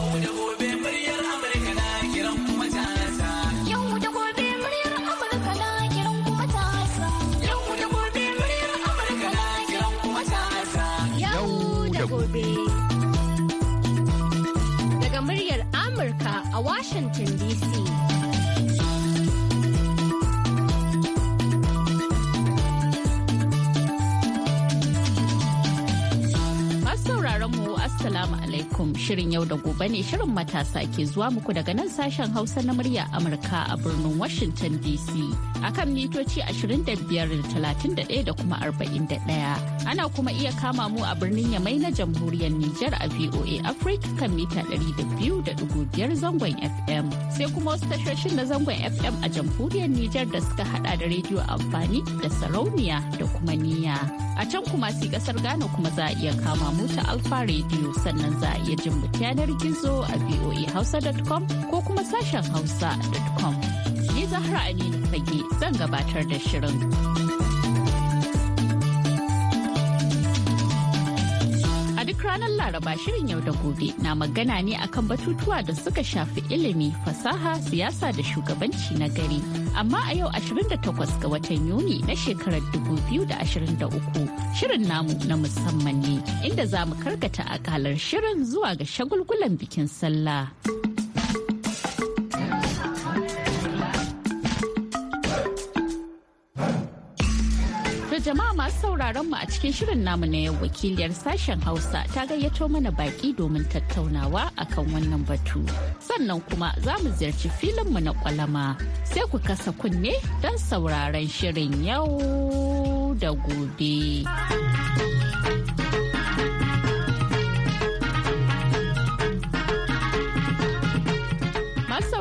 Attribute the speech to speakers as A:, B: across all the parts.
A: know
B: yau da gobe ne shirin matasa ke zuwa muku daga nan sashen Hausa na murya Amurka a birnin Washington DC. Akan mitoci 25.31 da kuma 41. Ana kuma iya kama mu a birnin Yamai na jamhuriyar Nijar a VOA Africa kan mita 200.5 zangon FM. Sai kuma wasu tashoshin na zangon FM a jamhuriyar Nijar da suka hada da rediyo amfani da sarauniya da kuma niya. a can kuma si kasar Ghana kuma za a iya kama mota Alfa Radio sannan za a iya jin mu yanar gizo a voahausa.com ko kuma sashen hausa.com. Ni Zahra Aminu Fage zan gabatar da shirin. ranar Laraba shirin yau da gobe na magana ne akan batutuwa da suka shafi ilimi, fasaha, siyasa da shugabanci na gari. Amma a yau 28 ga watan Yuni na shekarar 2023 shirin namu na musamman ne inda za mu karkata akalar shirin zuwa ga shagulgulan bikin sallah. sauraron mu a cikin shirin namu na yau wakiliyar sashen Hausa ta gayyato mana baki domin tattaunawa akan wannan batu. Sannan kuma za mu ziyarci filinmu na kwalama sai ku kasa kunne don sauraron shirin yau da gobe.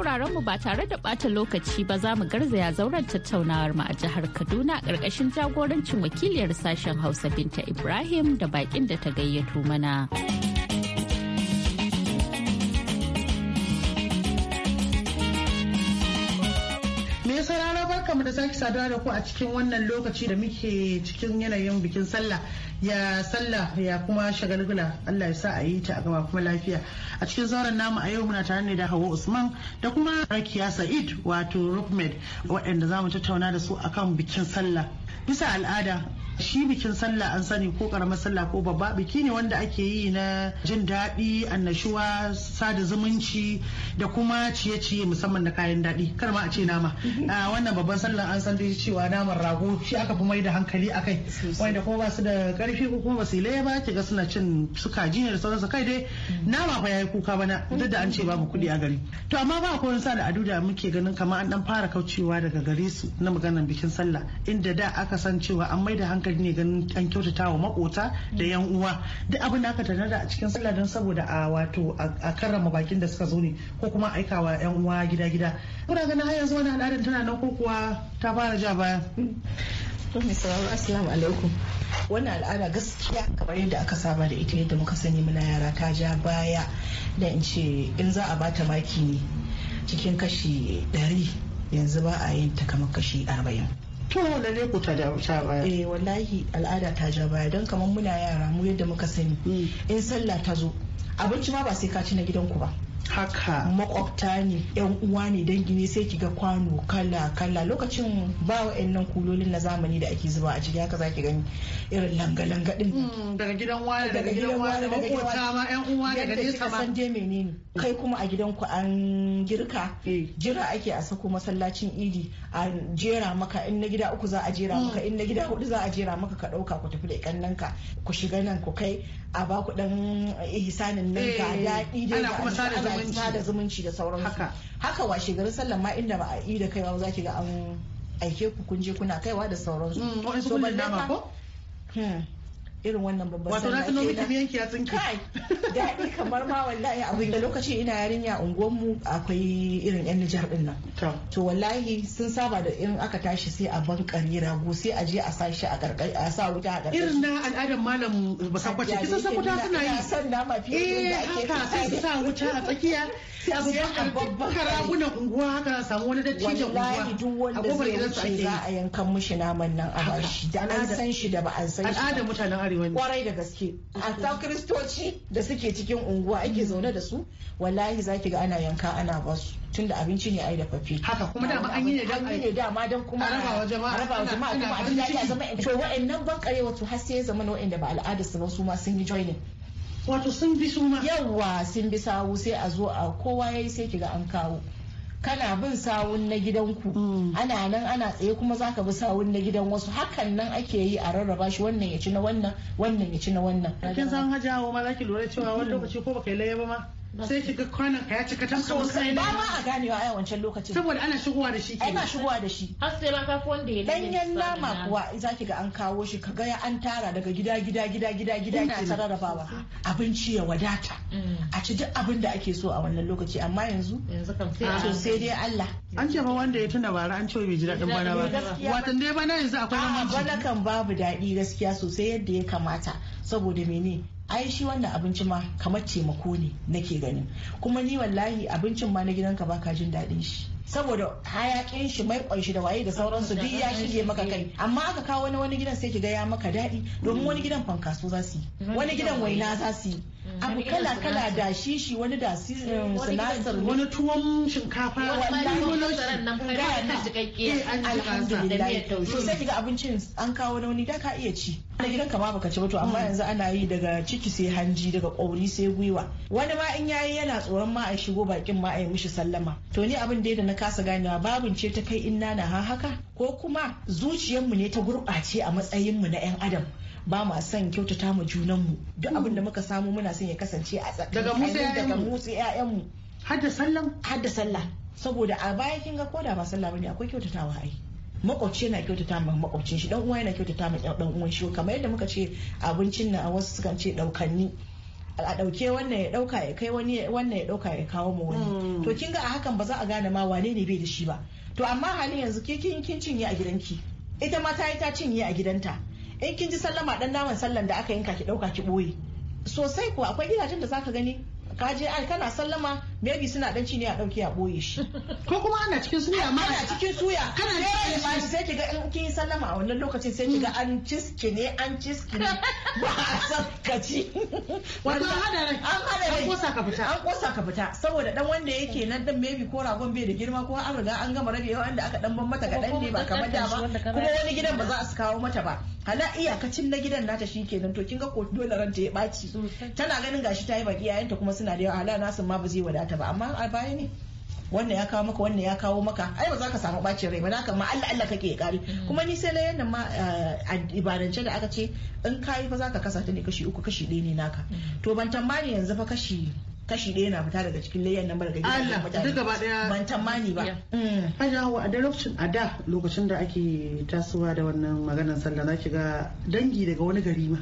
B: sauraron mu ba tare da bata lokaci ba za mu garzaya zauren tattaunawar mu a jihar Kaduna ƙarƙashin jagorancin wakiliyar sashen Hausa Binta Ibrahim da baƙin da ta gayyato mana.
A: barkamu da sake saduwa da ku a cikin wannan lokaci da muke cikin yanayin bikin sallah ya sallah ya kuma shagalgula Allah ya sa a yi ta a kuma lafiya a cikin zauren namu a yau muna tare ne da Hawa Usman da kuma Rakiya Sa'id wato Rukmed waɗanda za mu tattauna da su akan bikin sallah bisa al'ada shi bikin sallah an sani ko karamar sallah ko babba biki ne wanda ake yi na jin daɗi annashuwa sada zumunci da kuma ciye-ciye musamman na kayan daɗi kar ma a ce nama ah, wannan babban sallah an san dai cewa naman rago shi aka fi mai da hankali a kai wanda ko ba su da ƙarfi ko kuma basilai ba ke ga suna cin su kaji ne da sauransu kai dai mm. nama fa yayi kuka bana duk da an ce babu kuɗi a gari to amma ba ko wani sa al'adu da muke ganin kamar an dan fara kaucewa daga gare su na maganar bikin sallah inda da aka san cewa an mai da hankali la'akari ne ganin an kyautata wa makota da mm. yan uwa duk abin da aka tanada a cikin sallah don saboda a wato a karrama bakin da suka zo ne ko kuma aikawa yan uwa gida gida kuna ganin har yanzu wani al'adar tana nan ko kuwa ta fara ja baya to mai sauraro assalamu alaikum wannan al'ada gaskiya kamar yadda aka saba da ita yadda muka sani muna
C: yara ta ja baya da in ce in za a bata maki ne cikin kashi ɗari yanzu ba a yin ta kamar kashi arba'in
A: to lalle ku ta ja
C: baya eh wallahi al'ada ta ja baya don kamar muna yara mu yadda muka sani mm. in sallah ta zo abinci ma ba sai ka ci na gidanku ba haka makwabta ne yan uwa ne dangi ne sai kiga kwano kala kala lokacin ba wa'annan kulolin na zamani da ake zuba a ciki haka ki gani irin langa langa din
A: hmm, daga gidan wani daga gidan wani daga ta ma yan uwa daga nesa ma san
C: dai menene hmm. kai kuma a gidan ku an girka eh. jira ake a sako masallacin idi a jera maka in na gida uku za a jera hmm. maka in na gida hudu za a jera maka ka dauka ku tafi da kannan ka ku shiga nan ku kai a baku dan eh, ihsanin nan ga eh, daɗi dai ana kuma sada zumunci da zumunci da sauransu haka haka washe garin sallan ma inda ba a yi da kai ba zaki ga an aike ku kun je kuna kaiwa da sauransu mm, so balle ko hmm. irin wannan babban wato na tuno miki
A: miyanki ya tsinki kai
C: daɗi kamar ma wallahi abin da lokacin ina yarinya unguwar mu akwai irin yan Nijar din nan to wallahi sun saba da irin aka tashi sai a ban kare rago sai a je a sa shi a karkai a sa wuta a karkai irin
A: na al'adar malam basakwace kisa san wuta suna yi san
C: da ma fiye da eh, ake haka sai su sa
A: wuta a tsakiya sai a babban karagunan unguwa haka a samu wani dattijan unguwa wallahi
C: duk wanda zai wuce za a yankan mishi naman nan a bashi da an san shi da ba an san shi al'adar mutanen kare wani kwarai da gaske a ta kristoci da suke cikin unguwa ake zaune da su wallahi zaki ga ana yanka ana basu tunda abinci ne ai da fafi haka kuma da an yi ne da an yi ne da ma dan kuma a rabawa jama'a a raba jama'a kuma abin da ya zama to wa'annan kare wato har sai ya zama na wa'anda ba al'ada su ba su ma sun yi joining wato sun bi su ma yawwa sun bi sawu sai a zo a kowa yayi sai kiga an kawo kana bin sawun na gidanku mm. ana nan ana tsaye kuma za ka bi sawun na gidan wasu hakan nan ake yi a rarraba shi wannan ya ci na wannan wannan ya ci na wannan kin san
A: ma zaki lura cewa wani lokaci ko baka yi ma sai ki ga kwanan ka ya cika ta sosai ba ma a ganewa a wancan lokacin saboda ana shigowa da shi ke ana shigowa da shi
C: har sai ma kafi wanda ya danyen
D: nama kuwa
C: za ki ga an kawo shi ka ga an tara daga gida gida gida gida gida ke sararrafawa abinci ya wadata mm. a ci duk abin da ake so a wannan lokaci amma yanzu yanzu kam sai dai Allah an ce ba wanda ya tuna bara an ce bai ji daɗin bana ba watan dai bana yanzu akwai bana kan babu daɗi gaskiya sosai yadda ya kamata saboda mene ai shi wannan abinci ma kamar taimako ne nake ganin kuma ni wallahi abincin ma na gidan ka baka jin daɗin shi saboda hayakin shi mai kwanshi da waye da sauransu duk ya shige maka kai amma aka kawo wani wani gidan sai ki ga ya maka daɗi domin wani gidan fankaso za su yi wani gidan waina za su yi
A: Mm. abu kala kala da
C: shishi wani da mm, sinasar wani tuwon shinkafa wani wani alhamdulillah eh, sai kiga abincin an kawo na wani da ka iya ci na gidan kama baka ci ba to amma mm. yanzu ana yi daga ciki sai hanji daga kauri sai gwiwa wani ma in yayi yana tsoron ma a shigo bakin ma a yi mishi sallama to ni abin da na kasa ganewa babin ce ta kai inna na ha haka ko kuma zuciyarmu ne ta gurɓace a matsayinmu na 'yan adam ba ma son kyautata mu junan mu duk abin da muka samu muna son ya kasance a tsakanin daga musu mu har da sallah har sallah saboda a baya kin ga koda ba sallah bane akwai kyautatawa ai makwabci yana kyautata ma makwabcin shi dan uwa yana kyautata ma dan uwan shi kamar yadda muka ce abincin na wasu sukan ce daukanni a dauke wannan ya dauka ya kai wani wannan ya dauka ya kawo mu wani mm. to kin ga a hakan ba za a gane ma wane ne bai da shi ba to amma halin yanzu ke kin kin cinye a gidanki ita ma ta yi ta cinye a gidanta in kin ji sallama dan naman sallan da aka yanka ki dauka ki boye sosai ko akwai gidajen da zaka gani ka je ai kana sallama maybe suna dan ci ne a dauke a boye shi ko kuma ana cikin suya ma ana cikin suya kana cikin suya sai kiga in kin sallama a wannan lokacin sai kiga an ciski ne an ciski ne ba a san kaci wannan hada rai an hada rai an kosa ka fita an kosa ka fita saboda dan wanda yake nan dan maybe ko ragon bai da girma ko an riga an gama rabe wanda aka dan ban mata ga dan ne ba kamar da ba kuma wani gidan ba za su kawo mata ba hala iyakacin na gidan nata shi kenan to kinga ko dole ranta ya baci tana ganin gashi ta yi baki yayanta kuma suna da yawa hala nasu ma ba zai wadata ta ba amma a baya ne wannan ya kawo maka wannan ya kawo maka ai ba za ka samu bacin rai ba naka ma Allah Allah kake kare mm. kuma ni sai na yanda ma eh, a ibarance da aka ce in kai fa za ka kasa ta ne kashi uku kashi ɗaya ne naka mm. to ban tambani yanzu fa kashi kashi ɗaya na fita daga cikin layan nan daga ba daga ban tamani ba
A: aja mm. hawa a da lokacin a da lokacin da ake tasowa da wannan maganar sallah na ki ga dangi daga wani gari ma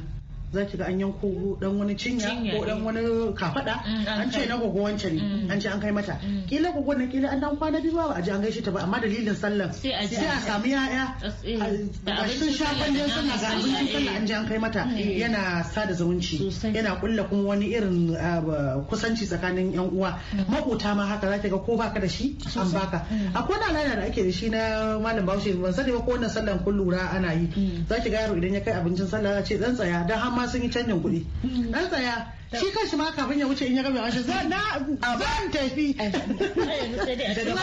A: za ki ga an yanko dan wani cinya ko dan wani kafada mm, an ce na gogo wancan ne mm. an ce an kai mata mm. kila gogo na kila an dan kwana biyu ba a ji an gaishe ta ba amma dalilin sallan sai a sami yaya
D: a sun sha kwallon suna ga abincin sallah an ji an kai
A: mata yana sada zumunci yana kulla kuma wani irin ah, kusanci tsakanin yan uwa makota ma haka za ki ga ko baka da shi an baka akwai wani alana da ake da shi na malam bahaushe ban sani ba ko wannan sallan kun lura ana yi za ki ga yaro idan ya kai abincin sallah za ce dan tsaya dan ma sun yi canjin kuɗi dan mm. tsaya shi kanshi ma kafin ya wuce in ya rabe ashe za na zan tafi da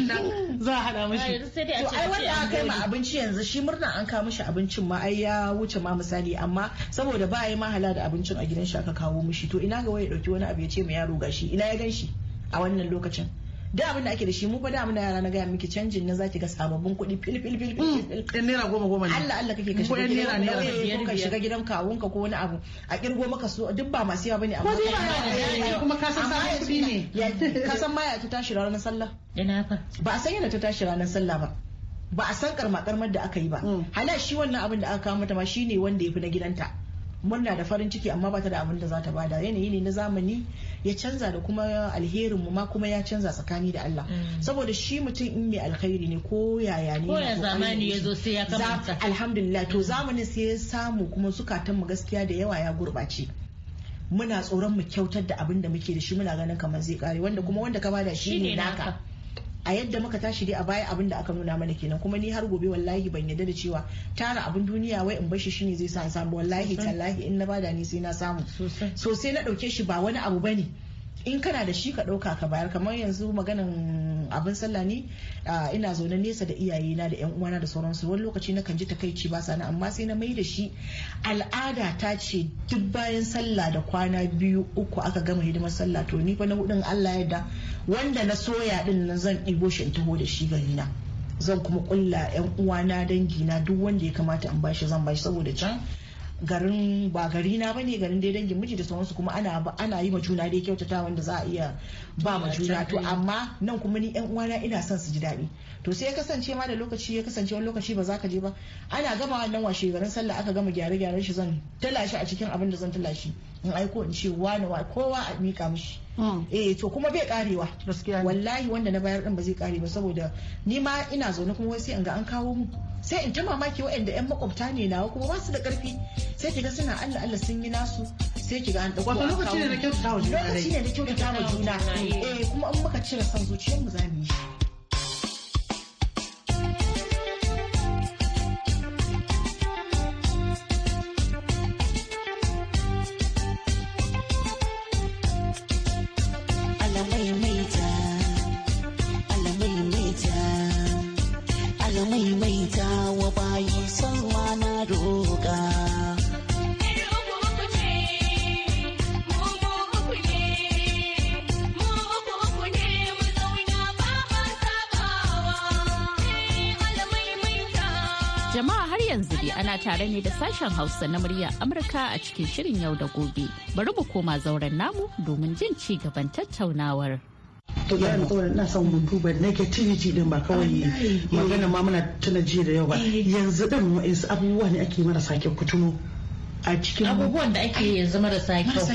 A: nan za a hada mishi to ai wanda aka kai ma abinci yanzu shi murna
C: an kawo mishi abincin ma ai ya wuce ma misali amma saboda ba yi mahala da abincin a gidan shi aka kawo mishi to ina ga wai ya dauki wani abu ya ce ma yaro gashi ina ya gan shi a wannan lokacin da abin da ake da shi mu fa da muna yara na gaya miki canjin na zaki ga sababbin kuɗi fil fil fil fil
A: mm, ɗan naira goma goma
C: ne Allah Allah kake kashe kuɗi naira naira biyar eh, ka shiga gidan kawunka ko wani abu a kirgo maka so. duk ba masu yawa bane amma kuma ka san sabon kuɗi ne ka san ma ta tashi ranar sallah ina fa ba a san yana ta tashi ranar sallah ba ba a san karma karmar da aka yi ba mm. hala shi wannan abin da aka kawo mata ma shine wanda ya fi na gidanta murna da farin ciki amma ba ta da abin da za ta bada yanayi ne na zamani ya canza da kuma alherin mu ma kuma ya canza tsakani da Allah mm. saboda shi mutum in mai alkhairi ne ko yaya ne ko ya zamani ya zo sai ya kamata alhamdulillah to mm. zamanin sai ya samu kuma zukatan mu gaskiya da yawa ya gurbace muna tsoron mu kyautar da abin da muke da shi muna ganin kamar zai kare wanda kuma wanda ka bada shi ne naka a yadda muka tashi dai a baya abin da aka nuna mana kenan kuma ni har gobe wallahi ban yadda da cewa tara abin duniya wai in bashi shine zai sa samu wallahi tallahi in na bada ni sai na samu sosai na dauke shi ba wani abu bane in kana da shi ka ɗauka ka bayar kamar yanzu maganin abin sallah ne ina zaune nesa da iyaye na da yan uwana da sauransu wani lokaci na kan ji takaici ba sana amma sai na mai da shi al'ada ta ce duk bayan sallah da kwana biyu uku aka gama hidimar sallah to ni fa na hudun Allah yadda wanda na soya din nan zan ɗibo shi in taho da shi gari na zan kuma ƙulla yan uwana dangi na duk wanda ya kamata in bashi zan bashi saboda can garin ba gari na bane garin dai dangin miji da sauransu kuma ana ana yi ma juna dai kyautata wanda za a iya ba ma juna to amma nan kuma ni yan uwana ina son su ji daɗi to sai ya kasance ma da lokaci ya kasance wani lokaci ba za ka je ba ana gama wannan washe garin sallah aka gama gyare gyaren shi zan tala shi a cikin abin da zan tala shi in aiko in ce wani wa kowa a mika mishi mm. eh to kuma bai karewa gaskiya wallahi wanda na bayar din ba zai kare ba saboda ni ma ina zaune kuma wai sai in ga an kawo mu sai in ta mamaki waɗanda yan makwabta ne nawa kuma ba su da karfi sai kiga suna Allah Allah sun yi nasu sai kiga an dauko wato lokaci ne da kyautata wa juna lokaci ne da kyautata wa juna eh, eh kuma in muka cire san zuciyar mu za mu yi
B: Thank you. tare ne da sashen Hausa na murya Amurka a cikin shirin yau da gobe. Bari mu koma zauren namu domin jin ci gaban tattaunawar. to ya na saboda ina
A: son mu duba negativity din ba kawai magana ma muna tuna jiya da yau ba eh. yanzu din wa'insu abubuwa ne ake marasa kyau kutuno a cikin
D: abubuwan da ake yanzu marasa kyau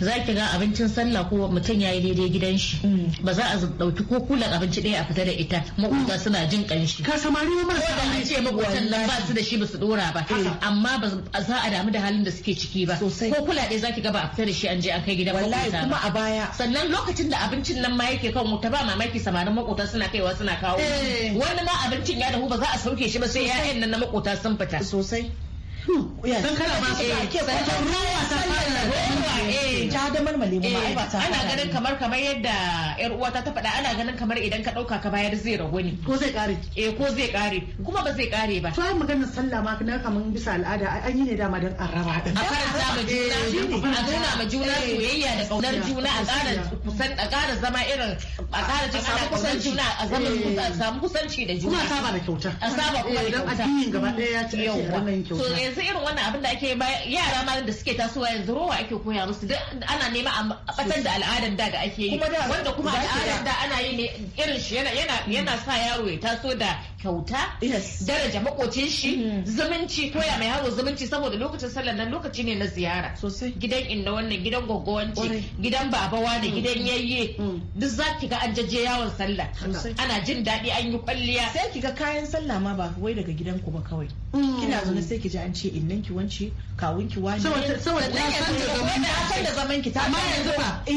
D: za ki ga abincin sallah ko mutum ya yi daidai gidan shi mm. ba za a dauki ko kulan abinci ɗaya a fita da ita makuta suna jin ƙanshi. ka samari ba marasa da ce makutan nan ba su da shi ba su dora ba amma ba za a damu da halin da suke ciki ba ko kula ɗaya za ki ga ba a fita da shi an je an kai gidan makuta kuma a baya sannan lokacin da abincin nan ma yake kan wuta ba mamaki samarin makuta suna kaiwa suna kawo eh. wani ma abincin ya dahu ba za a sauke shi ba sai 'ya'yan nan na makuta sun fita
C: sosai don kada eh, ba su ake kwatar ruwa ta fara ruwa eh
D: ta da marmale ba ai ba ta ana ganin kamar kamar yadda yar uwa ta faɗa ana ganin kamar idan
A: ka dauka ka bayar zai rago ne ko zai kare eh ko zai kare kuma ba zai kare ba to ai maganar sallah ma kana kaman bisa al'ada an yi ne dama don araba din a karanta ma juna eh, a gina ma juna eh, soyayya da kaunar juna a ƙara kusan a ƙara zama irin a ƙara jin ana kusan juna a zaman
D: samu kusanci da juna kuma saba da kyauta a saba kuma da addinin gaba ɗaya ya ce ake kyauta yanzu irin wannan abin da ake yara ma da suke tasowa yanzu rowa ake koya musu duk ana nema a batar da al'adar da ga ake yi wanda kuma al'adar da ana yi ne irin shi yana sa yaro ya taso da kyauta daraja makocin shi mm. zumunci koya mai yaro zumunci saboda lokacin sallar nan lokaci ne na ziyara gidan inda wannan gidan gwaggwanci gidan babawa da mm. gidan yayye mm. duk za ki ga an jaje yawon sallah ana
C: jin daɗi an yi kwalliya sai ki ga kayan sallah ma ba wai daga gidan ku ba kawai kina zaune sai ki ji an ci ce innan ki wance kawun ki wani saboda san da zaman ki ta
D: mai yanzu ba eh,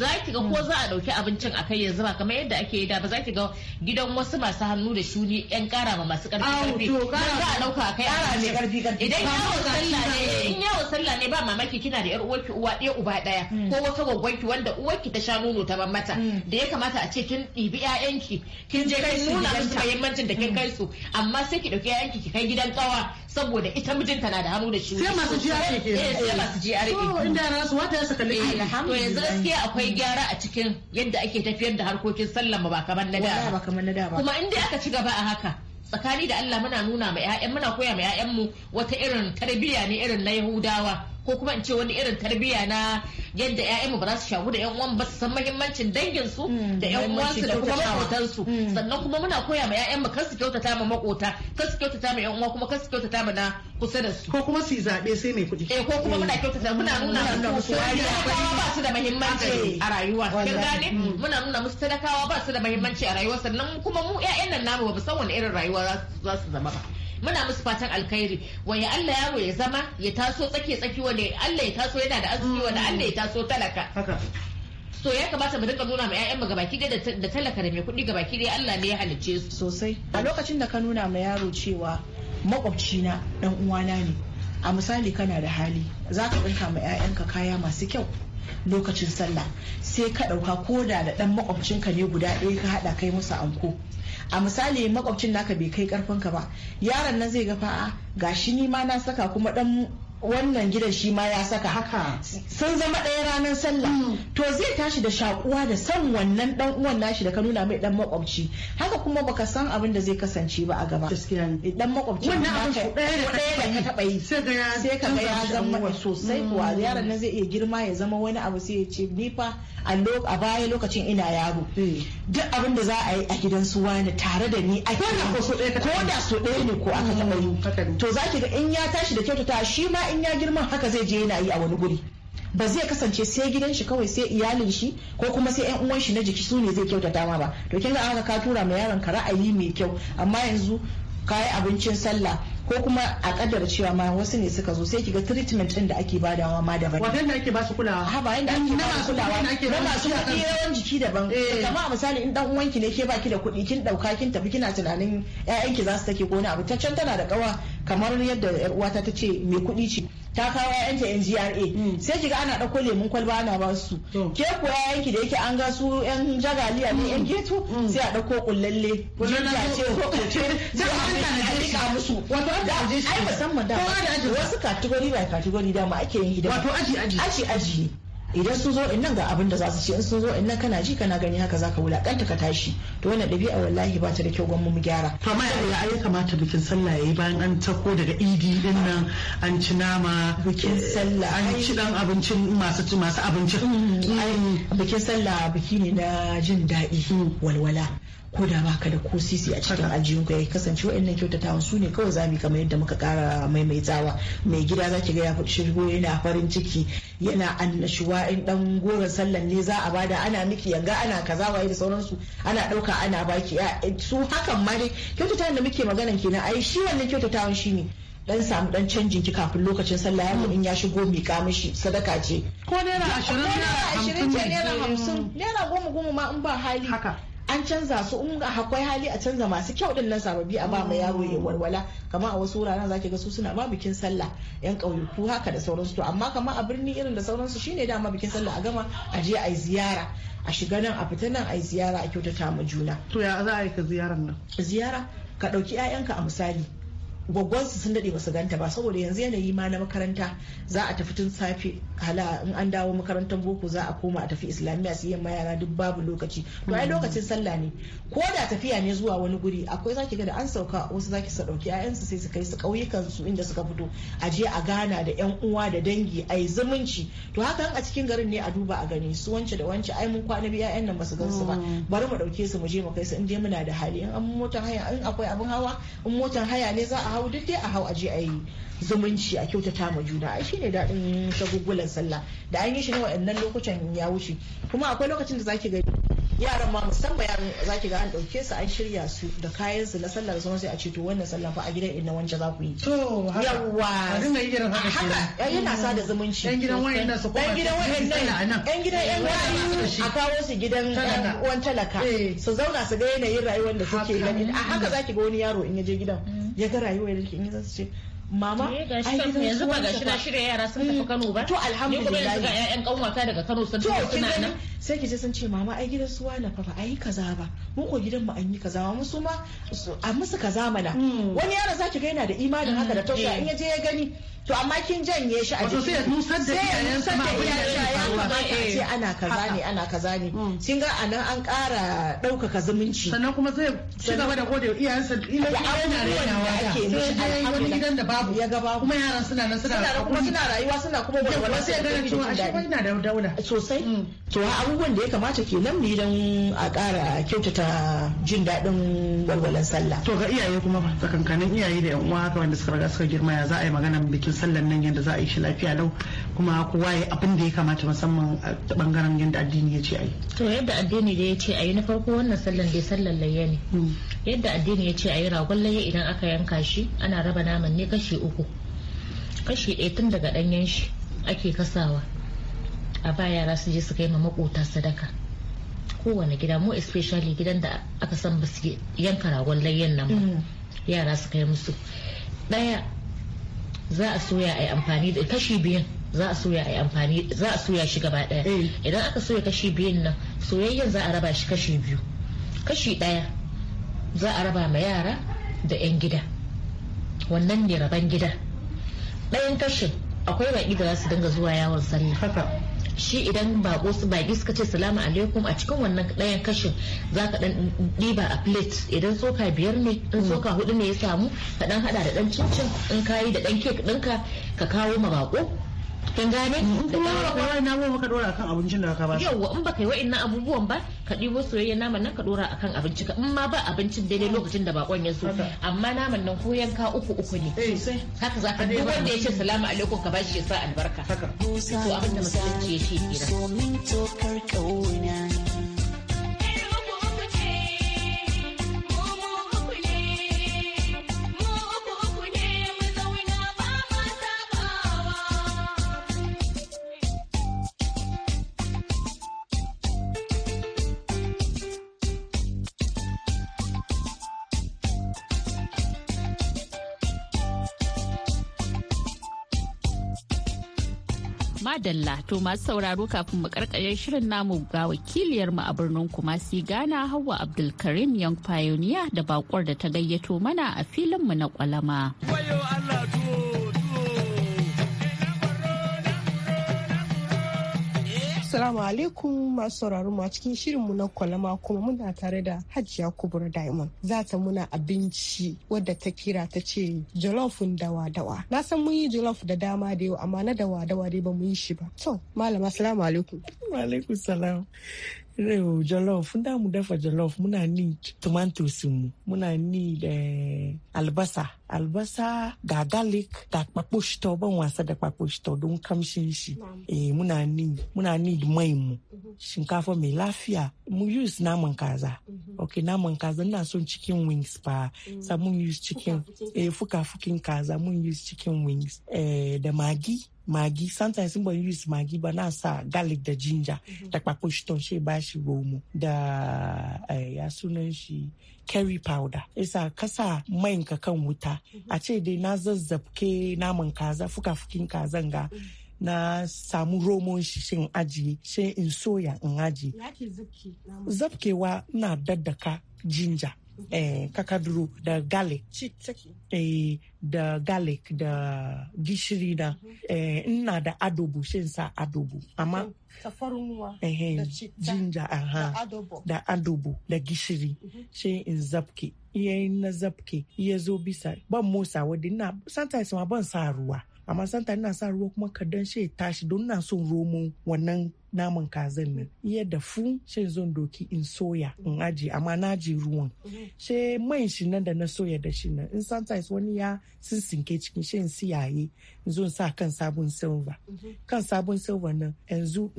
D: eh, ko a dauki abincin za ki ki ga ko za a dauki abincin akai yanzu ba kamar yadda ake yi da ba za ki ga gidan wasu masu hannu da shuni yan kara ma masu karfi karfi za a dauka kara ne karfi karfi idan yawo sallah ne in yawo sallah ne ba mamaki kina da yar uwarki uwa ɗaya uba ɗaya hmm. ko wata gwaggwanki wanda uwarki ta sha nono ta ban mata hmm. da ya kamata a ce kin ɗibi 'ya'yanki kin je kin nuna musu muhimmancin da kin hmm. kai su amma sai ki dauki yayanki ki kai gidan kawa saboda ita mijinta na da hannu da shi sai masu GRA ke eh, sai eh. masu GRA to inda na su wata su kalli eh, to yanzu gaskiya akwai gyara a cikin yadda ake tafiyar da harkokin sallama ba kamar na da ba kamar na da ba kuma in aka ci gaba a haka tsakani da Allah muna nuna ma 'ya'yan muna koya ma mu wata irin tarbiyya ne irin na Yahudawa ko kuma in ce wani irin tarbiyya na yadda mu ba za su shagu da 'yan uwan ba su san mahimmancin dangin su hmm, da uwan su da kuma makotan su hmm. sannan kuma muna koya ma ƴaƴan mu kasu su kyautata ma makota kasu su kyautata ma ƴan uwa kuma kasu su kyautata ma na kusa da su ko kuma su yi zaɓe sai mai kuɗi eh ko kuma muna kyautata hmm. eh. muna nuna musu talakawa ba su da mahimmanci a rayuwa kin gane muna nuna musu talakawa ba su da mahimmanci a rayuwa sannan kuma mu 'ya'yan nan namu ba mu san wani irin rayuwa za su zama ba muna musu fatan alkhairi waye Allah yaro ya zama ya taso tsake tsaki wanda Allah ya taso yana da arziki wanda Allah ya taso talaka so ya kamata mu dinga nuna ma ƴaƴan mu gabaki da talaka da mai kuɗi gabaki dai Allah ne ya halicce
C: su sosai a lokacin da ka nuna ma yaro cewa makwabcina dan uwana ne a misali kana da hali za ka ɗinka ma 'ya'yanka kaya masu kyau lokacin sallah sai ka ɗauka ko da da ɗan makwabcinka ne guda ɗaya ka haɗa kai musu anko a misali makwabcin naka bai kai ƙarfinka ba yaron nan zai ga fa'a gashi ni ma na saka kuma ɗan wannan gidan shi ma ya saka haka sun zama ɗaya ranar sallah mm. to zai tashi da shakuwa da san wannan dan uwan nashi da ka nuna mai dan makwabci haka kuma baka san abin da zai kasance ba a gaba dan makwabci wannan abin ɗaya da ka taɓa yi sai ka ga ya zama sosai mm. kuwa yaron nan zai iya girma ya zama wani abu sai ya ce ni fa a baya lokacin ina yaro mm. duk abin da za a yi a gidan su wani tare da ni a ko da su ɗaya ne ko aka taɓa yi to zaki ga in ya tashi da kyautata shi ma da in ya girma haka zai je yana yi a wani guri ba zai kasance sai gidan shi kawai sai iyalin shi ko kuma sai yan uwan shi na jiki su ne zai kyauta dama ba to kin ga aka ka tura ma yaron ka ra'ayi mai kyau amma yanzu kayi abincin sallah ko kuma a kaddar cewa ma wasu ne suka zo sai kiga treatment din da ake badawa ma daban da ake ba su kulawa ha ba yanda ake ba su kulawa na masu kudi yawan jiki daban eh. kamar a misali in dan uwanki ne ke ba ki da kuɗi kin dauka kin tafi kina tunanin 'ya'yanki za su take ko wani abu ta can tana da kawa kamar yadda yar uwata ta ce mai kuɗi ce ta kawo yayanta yan GRA hmm. sai kiga ana dauko lemun kwalba ana ba su ke ko yayanki da yake an ga su yan jagaliya ne hmm. yan geto hmm. sai a dauko kullalle jinja ce ko ce. kace a rika musu wato da ai musamman da wasu kategori ba kategori da ma ake yin hidima wato aji aji aji aji idan sun zo in nan ga abin da za su ce in sun zo in nan kana ji kana gani haka zaka wulakanta ka tashi to wannan ɗabi'a wallahi ba ta da kyau gwamnati mu gyara to mai ya
A: ya kamata bikin sallah yayi bayan an tako daga idi din nan an ci nama bikin sallah an ci dan abincin masu ci masu abincin mm, bikin sallah biki
C: ne na jin daɗi mm. walwala ko da baka da ko sisi a cikin ajiyunku ya kasance wa'annan kyautatawan su ne kawai zami kamar yadda muka kara maimaitawa mai gida zaki ga ya shigo yana farin ciki yana annashuwa in dan goron sallan ne za a bada ana miki yanga ana kaza waye da sauransu ana dauka ana baki eh, su hakan ma dai kyautatawan da muke magana kenan ai shi wannan kyautatawan ne. dan samu dan canjin ki kafin lokacin sallah ya in ya shigo mi ka mishi sadaka ce
A: ko naira 20 naira 50 naira 50 naira
C: goma goma ma in ba hali an canza su in akwai hali a canza masu kyau din nan sababbi a ba mai yaro ya walwala kamar a wasu wuraren zaki ga su suna ma bikin sallah yan ƙauyuku haka da sauransu to amma kamar a birni irin da sauransu shine dama bikin sallah a gama a je a yi ziyara a shiga nan a fita nan a yi ziyara a kyautata ma juna to ya za a yi ka ziyarar nan ziyara ka ɗauki 'ya'yanka a misali su sun daɗe basu ganta ba saboda yanzu yanayi ma na makaranta za a tafi tun safe hala in an dawo makarantar boko za a koma a tafi islamiyya su yamma yara duk babu lokaci to ai hmm. lokacin sallah ne ko da tafiya ne zuwa wani guri akwai zaki ga da an sauka wasu zaki su ɗauki su sai su kai su kauyukan su inda suka fito a je a gana da yan uwa da dangi a zumunci to hakan a cikin garin ne a duba a gani su wance da wance ai mun kwana biyu ƴaƴan nan basu gan su ba hmm. bari mu dauke su mu je mu kai su in je muna da hali in an motar haya in akwai abin hawa in motar haya ne za a hau duk dai a hau aje a yi zumunci a kyautata ma juna ai shine daɗin shagugulan sallah da an yi shi na waɗannan lokutan ya wuce kuma akwai lokacin da zaki gani yaran ma musamman yaran za ki ga an ɗauke su an shirya su da kayan su na sallar zuwa sai a ce to wannan sallar fa a gidan inna wancan za ku yi to yawa haka yana sada zumunci yan gidan wayannan su kuma gidan wayannan yan gidan yan wayannan a kawo su gidan uwan talaka eh. su zauna su ga yanayin rayuwar da suke gani a haka zaki ga wani yaro in ya je gidan mm. ya ga rayuwar da yake in ya zasu ce mama eh, yanzu ba gashi na shirya
D: yara sun tafi mm. Kano
C: ba to alhamdulillah ga yayan kanwata daga Kano sun tafi suna nan sai ki ji sun ce mama ai gidan suwa na fa ba ai kaza ba mu ko gidan mu an yi kaza mu su ma a musu kaza mana mm. wani yaro zaki ga yana da imanin haka da mm. tausa eh. in ya je ya gani to amma kin janye shi a jiki sai ya nusar da iyayen sa ba ya ce ana kaza ne ana kaza ne kin
A: ga anan an ƙara ɗaukaka zumunci sannan kuma sai ci gaba da gode iyayen sa ilimin yana da ake mishi alhamdulillah babu ya ga babu kuma yaran suna nan suna da kuma suna rayuwa suna kuma wani sai ga cewa ashe ko ina da daula sosai mm. to abubuwan da ya kamata ke nan
C: ne dan a ƙara kyautata jin daɗin walwalan sallah to
A: ga iyaye kuma ba tsakankanin iyaye da yan uwa haka wanda suka riga suka girma ya za a yi maganar bikin sallan nan yadda za a yi shi lafiya lau kuma kowa ya abin da ya kamata musamman a bangaren yadda addini ya ce a To yadda
D: addini da ya ce a na farko wannan sallan dai sallan layya ne. Mm. Yadda addini ya ce ayi ragon layya idan aka yanka shi ana raba naman ne kashi uku. Kashi ɗaya tun daga ɗanyen shi ake kasawa. A ba yara su je su kai ma makota sadaka. Kowane gida mu especially gidan da aka san ba su yanka ragon layyan nan ba. Mm. Yara su kai musu. Ɗaya za a soya a yi amfani da kashi biyan za a soya a amfani za a soya shi gaba daya eh. idan aka soya kashi biyun nan soyayyen za a raba shi kashi biyu kashi daya za a raba ma yara da 'yan gida wannan ne raban gida ɗayan kashin akwai baki da za su dinga zuwa yawon sallah shi idan bako su baki suka ce salamu alaikum a cikin wannan ɗayan kashin za ka ɗan ɗiba a plate idan soka biyar ne in mm. soka hudu ne ya samu ka ɗan hada da ɗan cincin in kayi da ɗan kek ɗinka ka kawo ma bako kin gane kuma
A: ka dora akan abincin da ka ba yawa
D: in baka yi wa'annan abubuwan ba ka ɗibo soyayyen naman nan ka dora akan abinci ka in ma ba abincin daidai lokacin da bakon ya so amma naman nan ko yanka uku uku ne eh, haka zaka duk wanda ya ce salamu alaikum ka shi ya sa
B: albarka to abin da musulunci ya ce kenan madalla to masu sauraro kafin mu shirin namu ga wakiliyar mu a birnin Kumasi Ghana Hauwa Abdulkarim Young Pioneer da bakwar da ta gayyato mana a filin mu na kwalama.
E: Wayo Allah
B: Assalamu alaikum masu sauraron mu a cikin
A: shirinmu na kwalama kuma muna tare da Hajiya Kubura Diamond. Za ta muna abinci
C: wadda ta kira ta ce jollof dawa-dawa. Na san mun yi jolof da dama da yau amma na dawa-dawa dai ba mu yi shi ba. To, malama assalamu alaikum.
E: Wa alaikum salam. jollof da mu dafa jollof muna ni tomatoes mu muna ni da albasa albasa ga garlic da kpakpo shito ban wasa da kpakpo shito don kamshin shi eh muna ni muna ni mai mu shinkafa mai lafiya mu use naman kaza mhm. okay naman kaza ina son chicken wings pa mm. sa mun use chicken eh fuka fukin kaza mun use chicken wings eh da magi magi sometimes in ban use magi ba na sa garlic da ginger da mm-hmm. kpakpo ton shi ba shi romo da eh, ya sunan shi curry powder isa kasa man ka kan wuta mm-hmm. a ce dai na zazzabke naman kaza fuka-fukin kazan ga mm-hmm. na samu romon shi shin aji shi in soya in aji zabkewa na daddaka ginger. eh, kakaduru da garlic eh, da garlic da gishiri da mm-hmm. eh, ina da adobo shin sa adobo amma eh, jinja aha, da
A: adobo da
E: adobo da gishiri mm-hmm. shi in zabke iya na zapke, iya zo bisa ban motsa wadda ina sometimes ma ban sa ruwa amma santa ina sa ruwa kuma kadan shi tashi don na son romo. wannan naman kazan nan iya da fu sai zan doki in soya in aji amma na ji ruwan mhm. she man shi nan da na soya da shi nan in sometimes wani ya sinsinke cikin shi in siyaye in sa kan sabon silver mhm. kan sabon silver nan yanzu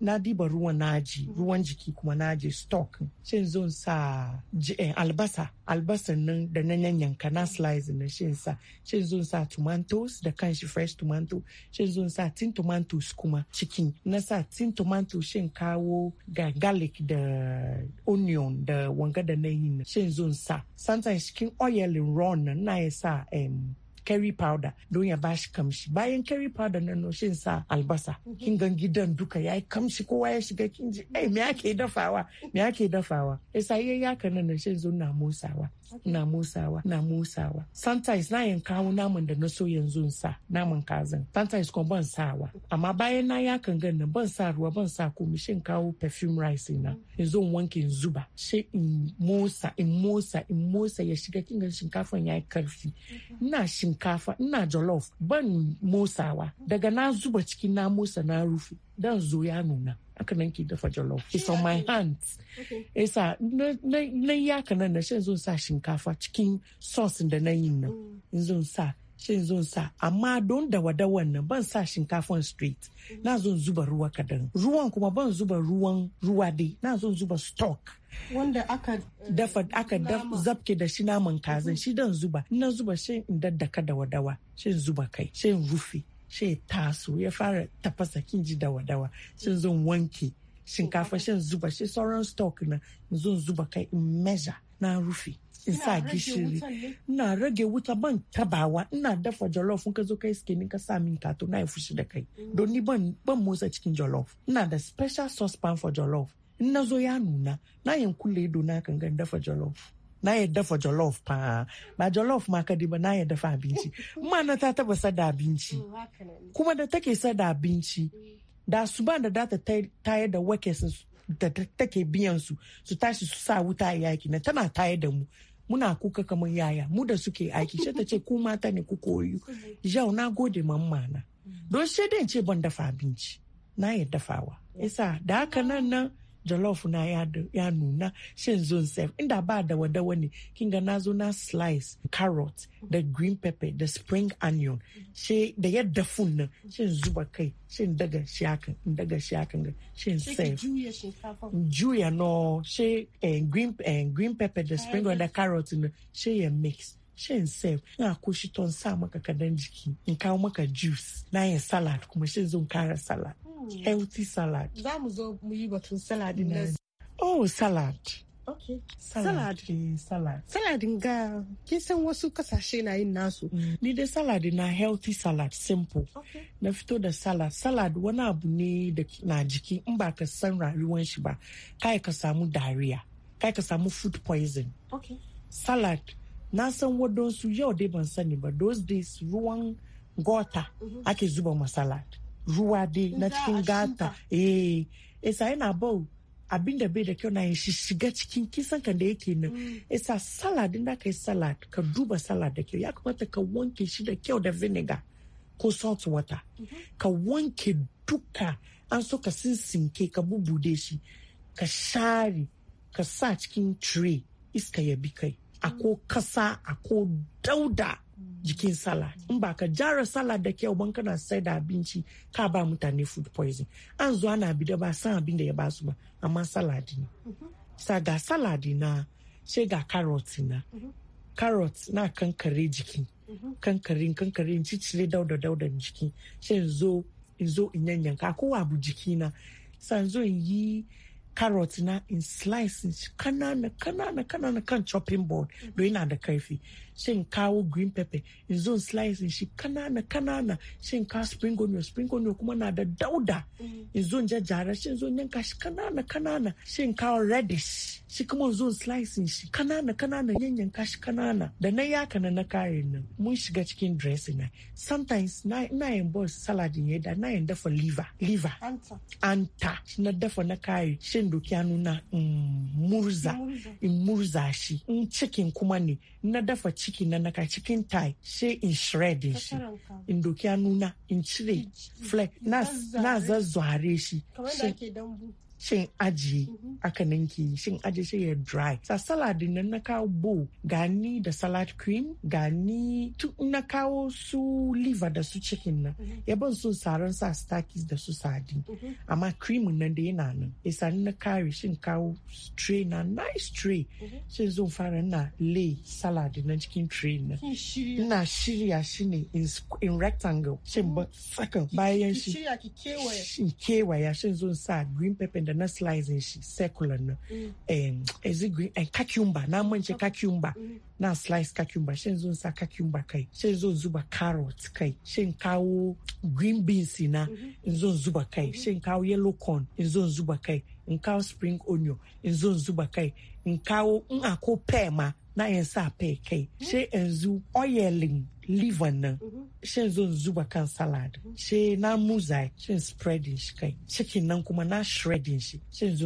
E: na diba ruwan naji ruwan jiki kuma naji stock shi zon sa eh, albasa albasan nan da na yanyanka na slice na shin sa shin zo sa tomatoes da kanshi fresh tomato shin zo sa tin tomatoes kuma cikin na sa tin tomato shin kawo ga garlic da onion da wanga da na yi shin zo sa sometimes cikin oil raw na na ya sa curry powder don ya bashi kamshi bayan curry powder na noshin sa albasa mhm. kin gan gidan duka yayi kamshi kowa ya shiga kin ji ai me ake dafawa me ake dafawa yasa yayi haka nan shin zo na musawa na musawa na musawa sometimes na yin kawo namun da na so yanzu sa namun kazan sometimes kuma ban sawa amma bayan na ya kan ganin ban sa ruwa ban sa komi shin kawo perfume rice na in zo in wanke in zuba shi in musa in musa in musa ya shiga ga shinkafan yayi karfi ina shinkafa ina jollof ban musawa daga na zuba cikin na musa na rufe dan zo ya nuna haka nan ki dafa jollof it's on my hands yasa na yaka nan na shi zo sa shinkafa cikin sauce da na yin nan in mm. zo sa shi zo sa amma don da wada wannan ban sa shinkafan straight mm. na zo zuba ruwa kadan ruwan kuma ban zuba ruwan ruwa dai na zo zuba stock wanda aka uh, dafa aka zabke da shi naman kazan mm-hmm. shi dan zuba na zuba shi in daddaka da wadawa shi zuba kai shi rufe sai taso ya fara tafasa kinji dawa-dawa sun zan wanke shinkafa shin zuba shi sauran stock na zan zuba kai in measure na rufe in sa gishiri ina rage wuta ban tabawa ina dafa jollof in ka zo kai skin ka sa min kato na ya fushi da kai mm. don ni ban motsa cikin jollof ina da special sauce pan for jollof in na zo ya nuna na yin kulle ido na kan ga dafa jollof na yadda fa jollof fa ba jollof ma ka ba na yadda fa abinci mana ta taba sada abinci mm, kuma da take sada abinci mm. da su ba da data tayar da wakesin da take biyan su su tashi su sa wuta a yaki na tana tayar da mu muna kuka kamar yaya mu da suke aiki sai ta ce ku mata ne ku koyu mm. yau na gode mamma na don sai dai ce ban dafa abinci na yadda fawa isa da haka nan nan jollof na ya nuna shin zone self inda ba da wadawa ne kin ga na zo na slice carrot da green pepper da spring onion she da yadda fun nan shin zuba kai shin daga shakan daga shakan ga shin self juya no she eh, green eh, green pepper da spring onion da carrot na she ya mix shin sef Na ko shi ton sa maka kadan jiki in kawo maka juice na yin salad kuma shin zan kara salad Mm. healthy salad
A: za mu zo mu yi batun salad din
E: oh salad
A: Okay. Salad. Salad. Eh, salad ga kin san wasu
E: kasashe na yin nasu. Mm. Ni dai salad na healthy salad simple. Okay. Na fito da salad. Salad wani abu ne da na jiki in ba ka san rayuwan ba. ka samu diarrhea. Kai ka samu food poison. Okay. Salad na san wadansu yau dai ban sani ba those days ruwan gota mm -hmm. ake zuba ma salad. ruwa dai na cikin gata eh isa yana bau abin da bai da kyau na yin shiga cikin kisan kan da yake nan isa salad na kai salad ka duba salad da kyau ya kamata ka wanke shi da kyau da vinegar ko salt water ka wanke duka an so ka sinsinke ka bubude shi ka share ka sa cikin tray iska ya bi kai ako kasa ako dauda jikin salad in ba ka jara salad da kyau ban kana sai da abinci ka ba mutane food poison an zo ana bi da ba san abin da ya ba su ba amma salad ne sa ga salad na sai ga carrot na carrot na kankare jiki kankarin kankarin cicire dauda dauda jiki she in zo in zo in yanyanka ko abu jiki na sa zo in yi carrot na in slice kanana kanana kanana kan chopping board mm. don yana da karfi? Shin in kawo green pepper in zo in shi kanana kanana Shin in kawo spring onion spring onion kuma na da dauda mm. in zone in jajjara sai in in yanka shi kanana kanana Shin in kawo radish shi kuma in zo in shi kanana kanana yanyanka shi kanana da na yaka na na karin nan mun shiga cikin dressing na sometimes na ina yin boss salad ya da na yin dafa liver liver anta anta na dafa na kari zan doki hannuna in murza in murza shi in cikin kuma ne na dafa ciki na naka cikin tai sai in shred shi in doki hannuna in cire flake na zazzware shi shin aji mhm. aka ninki shin aji shi ya dry sa salad nan na kawo bowl gani da salad cream gani na kawo su liver da su chicken na mhm. ya ban so saran sa stakis da su sardine mhm. amma cream nan da yana nan isa na kare shin kawo tray na nice tray shin zo fara na lay salad nan cikin tray na na shirya shi ne in rectangle shin ba oh. sakan bayan shi in kewaya shin zan sa green pepper da da na slicing shi circular nan mm. ezigwe cucumber na mance cucumber mm-hmm. na slice cucumber shin zo sa cucumber kai shin zo zuba carrot kai shin kawo green beans na in mm-hmm. zuba kai mm-hmm. shin kawo yellow corn in zuba kai in kawo spring onion in zuba kai in kawo in ako pear ma na yin sa pear kai shi yanzu oiling liver nan shin zan zuba kan salad mm-hmm. shi na muza shin spreading shi kai cikin nan kuma na shredding shi shin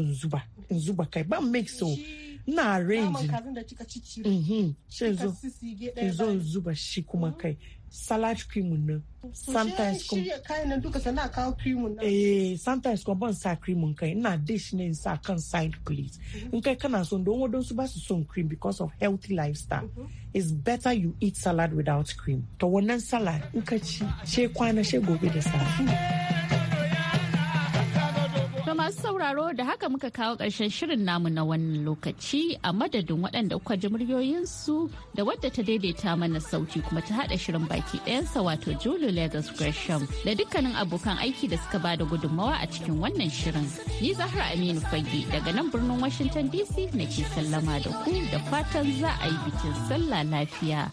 E: zuba kai ban make na range kazan da kika ciccire mhm. zuba shi kuma mhm. kai salad cream na
A: sometimes kuma
E: shirya kayan nan duka sana kawo cream nan eh sometimes kuma ban sa cream kai na dish ne sa kan side plate mhm. in kai kana so don wadon su ba su son cream because of healthy lifestyle it's better you eat salad without cream to wannan salad in ka ci she kwana she gobe da safi
B: sauraro da haka muka kawo ƙarshen shirin namu na wannan lokaci a madadin waɗanda kuka ji muryoyinsu da wadda ta daidaita mana sauti kuma ta haɗa shirin baki ɗayansa wato Julie Lagos Gresham da dukkanin abokan aiki da suka bada gudummawa a cikin wannan shirin. Ni Zahra Aminu Fage daga nan birnin Washington DC na ke sallama da ku da fatan za a yi bikin sallah lafiya.